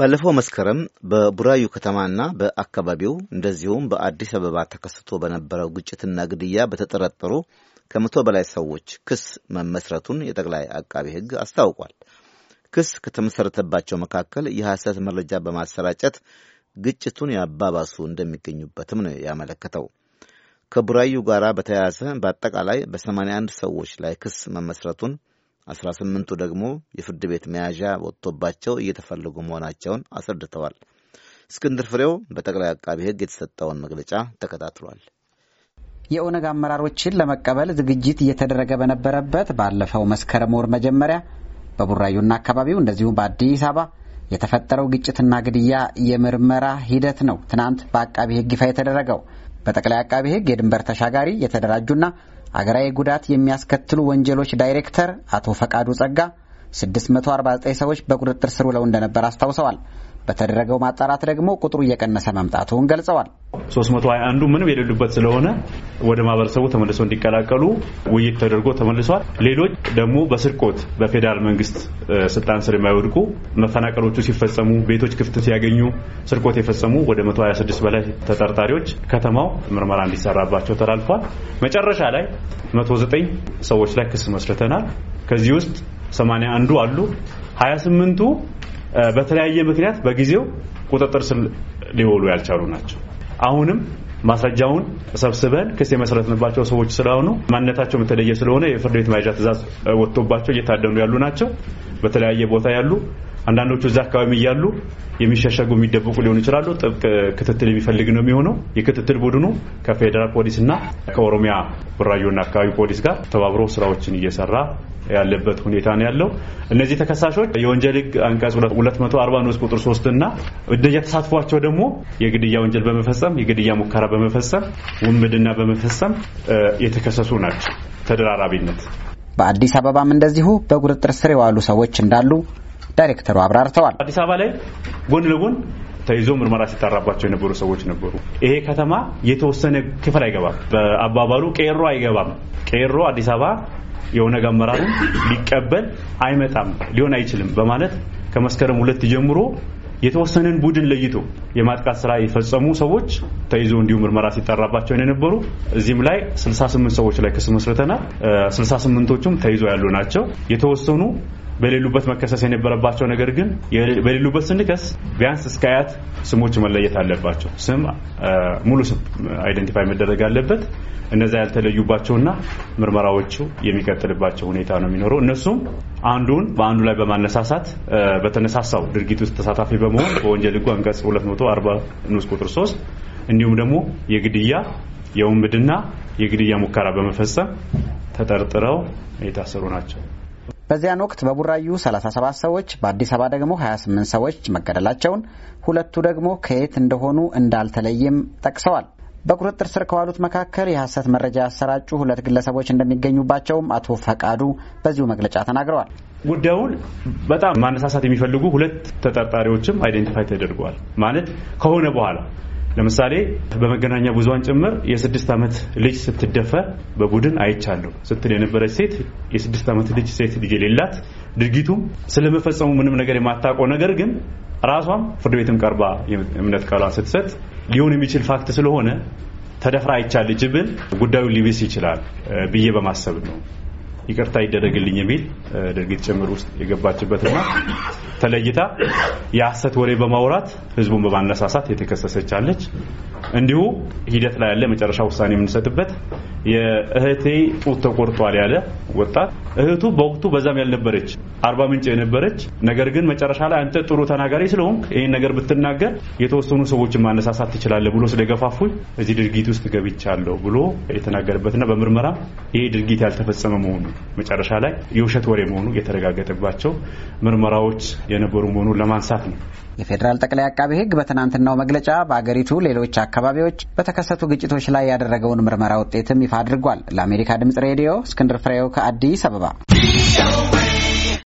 ባለፈው መስከረም በቡራዩ ከተማና በአካባቢው እንደዚሁም በአዲስ አበባ ተከስቶ በነበረው ግጭትና ግድያ በተጠረጠሩ ከመቶ በላይ ሰዎች ክስ መመስረቱን የጠቅላይ አቃቢ ሕግ አስታውቋል። ክስ ከተመሰረተባቸው መካከል የሐሰት መረጃ በማሰራጨት ግጭቱን ያባባሱ እንደሚገኙበትም ነው ያመለከተው። ከቡራዩ ጋር በተያያዘ በአጠቃላይ በ81 ሰዎች ላይ ክስ መመስረቱን አስራ ስምንቱ ደግሞ የፍርድ ቤት መያዣ ወጥቶባቸው እየተፈለጉ መሆናቸውን አስረድተዋል። እስክንድር ፍሬው በጠቅላይ አቃቢ ሕግ የተሰጠውን መግለጫ ተከታትሏል። የኦነግ አመራሮችን ለመቀበል ዝግጅት እየተደረገ በነበረበት ባለፈው መስከረም ወር መጀመሪያ በቡራዩና አካባቢው እንደዚሁም በአዲስ አበባ የተፈጠረው ግጭትና ግድያ የምርመራ ሂደት ነው ትናንት በአቃቢ ሕግ ይፋ የተደረገው። በጠቅላይ አቃቢ ሕግ የድንበር ተሻጋሪ የተደራጁና አገራዊ ጉዳት የሚያስከትሉ ወንጀሎች ዳይሬክተር አቶ ፈቃዱ ጸጋ 649 ሰዎች በቁጥጥር ስር ውለው እንደነበር አስታውሰዋል። በተደረገው ማጣራት ደግሞ ቁጥሩ እየቀነሰ መምጣቱን ገልጸዋል። 321ዱ ምንም የሌሉበት ስለሆነ ወደ ማህበረሰቡ ተመልሶ እንዲቀላቀሉ ውይይት ተደርጎ ተመልሷል። ሌሎች ደግሞ በስርቆት በፌዴራል መንግስት ስልጣን ስር የማይወድቁ መፈናቀሎቹ ሲፈጸሙ ቤቶች ክፍት ሲያገኙ ስርቆት የፈጸሙ ወደ 126 በላይ ተጠርጣሪዎች ከተማው ምርመራ እንዲሰራባቸው ተላልፏል። መጨረሻ ላይ 109 ሰዎች ላይ ክስ መስርተናል። ከዚህ ውስጥ ሰማንያ አንዱ አሉ። ሀያ ስምንቱ በተለያየ ምክንያት በጊዜው ቁጥጥር ስር ሊውሉ ያልቻሉ ናቸው። አሁንም ማስረጃውን ሰብስበን ክስ የመሰረትንባቸው ሰዎች ስለሆኑ ማንነታቸው የተለየ ስለሆነ የፍርድ ቤት መያዣ ትዕዛዝ ወጥቶባቸው እየታደኑ ያሉ ናቸው። በተለያየ ቦታ ያሉ አንዳንዶቹ እዛ አካባቢ እያሉ የሚሸሸጉ የሚደብቁ ሊሆኑ ይችላሉ። ጥብቅ ክትትል የሚፈልግ ነው የሚሆነው። የክትትል ቡድኑ ከፌዴራል ፖሊስ እና ከኦሮሚያ ቡራዩና አካባቢ ፖሊስ ጋር ተባብሮ ስራዎችን እየሰራ ያለበት ሁኔታ ነው ያለው። እነዚህ ተከሳሾች የወንጀል ህግ አንቀጽ 240 ንዑስ ቁጥር 3 እና እንደየ ተሳትፏቸው ደግሞ የግድያ ወንጀል በመፈጸም የግድያ ሙከራ በመፈጸም ውንብድና በመፈጸም የተከሰሱ ናቸው። ተደራራቢነት በአዲስ አበባም እንደዚሁ በቁጥጥር ስር የዋሉ ሰዎች እንዳሉ ዳይሬክተሩ አብራርተዋል። አዲስ አበባ ላይ ጎን ለጎን ተይዞ ምርመራ ሲጠራባቸው የነበሩ ሰዎች ነበሩ። ይሄ ከተማ የተወሰነ ክፍል አይገባም፣ በአባባሉ ቄሮ አይገባም። ቄሮ አዲስ አበባ የኦነግ አመራርን ሊቀበል አይመጣም፣ ሊሆን አይችልም በማለት ከመስከረም ሁለት ጀምሮ የተወሰነን ቡድን ለይቶ የማጥቃት ስራ የፈጸሙ ሰዎች ተይዞ እንዲሁ ምርመራ ሲጠራባቸው የነበሩ እዚህም ላይ 68 ሰዎች ላይ ክስ መስርተናል። 68ቶቹም ተይዞ ያሉ ናቸው። የተወሰኑ በሌሉበት መከሰስ የነበረባቸው ነገር ግን በሌሉበት ስንከስ ቢያንስ እስከ አያት ስሞች መለየት አለባቸው። ስም ሙሉ ስም አይደንቲፋይ መደረግ አለበት። እነዛ ያልተለዩባቸውና ምርመራዎቹ የሚቀጥልባቸው ሁኔታ ነው የሚኖረው። እነሱም አንዱን በአንዱ ላይ በማነሳሳት በተነሳሳው ድርጊት ውስጥ ተሳታፊ በመሆን በወንጀል ሕጉ አንቀጽ 240 ንዑስ ቁጥር 3 እንዲሁም ደግሞ የግድያ የውንብድና የግድያ ሙከራ በመፈጸም ተጠርጥረው የታሰሩ ናቸው። በዚያን ወቅት በቡራዩ 37 ሰዎች በአዲስ አበባ ደግሞ 28 ሰዎች መገደላቸውን፣ ሁለቱ ደግሞ ከየት እንደሆኑ እንዳልተለይም ጠቅሰዋል። በቁጥጥር ስር ከዋሉት መካከል የሐሰት መረጃ ያሰራጩ ሁለት ግለሰቦች እንደሚገኙባቸውም አቶ ፈቃዱ በዚሁ መግለጫ ተናግረዋል። ጉዳዩን በጣም ማነሳሳት የሚፈልጉ ሁለት ተጠርጣሪዎችም አይደንቲፋይ ተደርገዋል። ማለት ከሆነ በኋላ ለምሳሌ በመገናኛ ብዙሃን ጭምር የስድስት ዓመት ልጅ ስትደፈ በቡድን አይቻለሁ ስትል የነበረች ሴት የስድስት ዓመት ልጅ ሴት ልጅ የሌላት ድርጊቱም ስለመፈጸሙ ምንም ነገር የማታውቀው ነገር ግን ራሷም ፍርድ ቤትም ቀርባ እምነት ቃሏን ስትሰጥ ሊሆን የሚችል ፋክት ስለሆነ ተደፍራ አይቻለች ብል ጉዳዩን ሊብስ ይችላል ብዬ በማሰብ ነው ይቅርታ ይደረግልኝ የሚል ድርጊት ጭምር ውስጥ የገባችበትና ተለይታ የሐሰት ወሬ በማውራት ህዝቡን በማነሳሳት የተከሰሰች አለች። እንዲሁ ሂደት ላይ ያለ መጨረሻ ውሳኔ የምንሰጥበት የእህቴ ጡት ተቆርጧል ያለ ወጣት እህቱ በወቅቱ በዛም ያልነበረች አርባ ምንጭ የነበረች ነገር ግን መጨረሻ ላይ አንተ ጥሩ ተናጋሪ ስለሆንክ ይህን ነገር ብትናገር የተወሰኑ ሰዎችን ማነሳሳት ትችላለህ ብሎ ስለገፋፉኝ እዚህ ድርጊት ውስጥ ገብቻለሁ ብሎ የተናገረበትና በምርመራ ይሄ ድርጊት ያልተፈጸመ መሆኑ መጨረሻ ላይ የውሸት ወሬ መሆኑ የተረጋገጠባቸው ምርመራዎች የነበሩ መሆኑን ለማንሳት ነው። የፌዴራል ጠቅላይ አቃቤ ሕግ በትናንትናው መግለጫ በአገሪቱ ሌሎች አካባቢዎች በተከሰቱ ግጭቶች ላይ ያደረገውን ምርመራ ውጤትም ይፋ አድርጓል። ለአሜሪካ ድምጽ ሬዲዮ እስክንድር ፍሬው ከአዲስ አበባ 加油！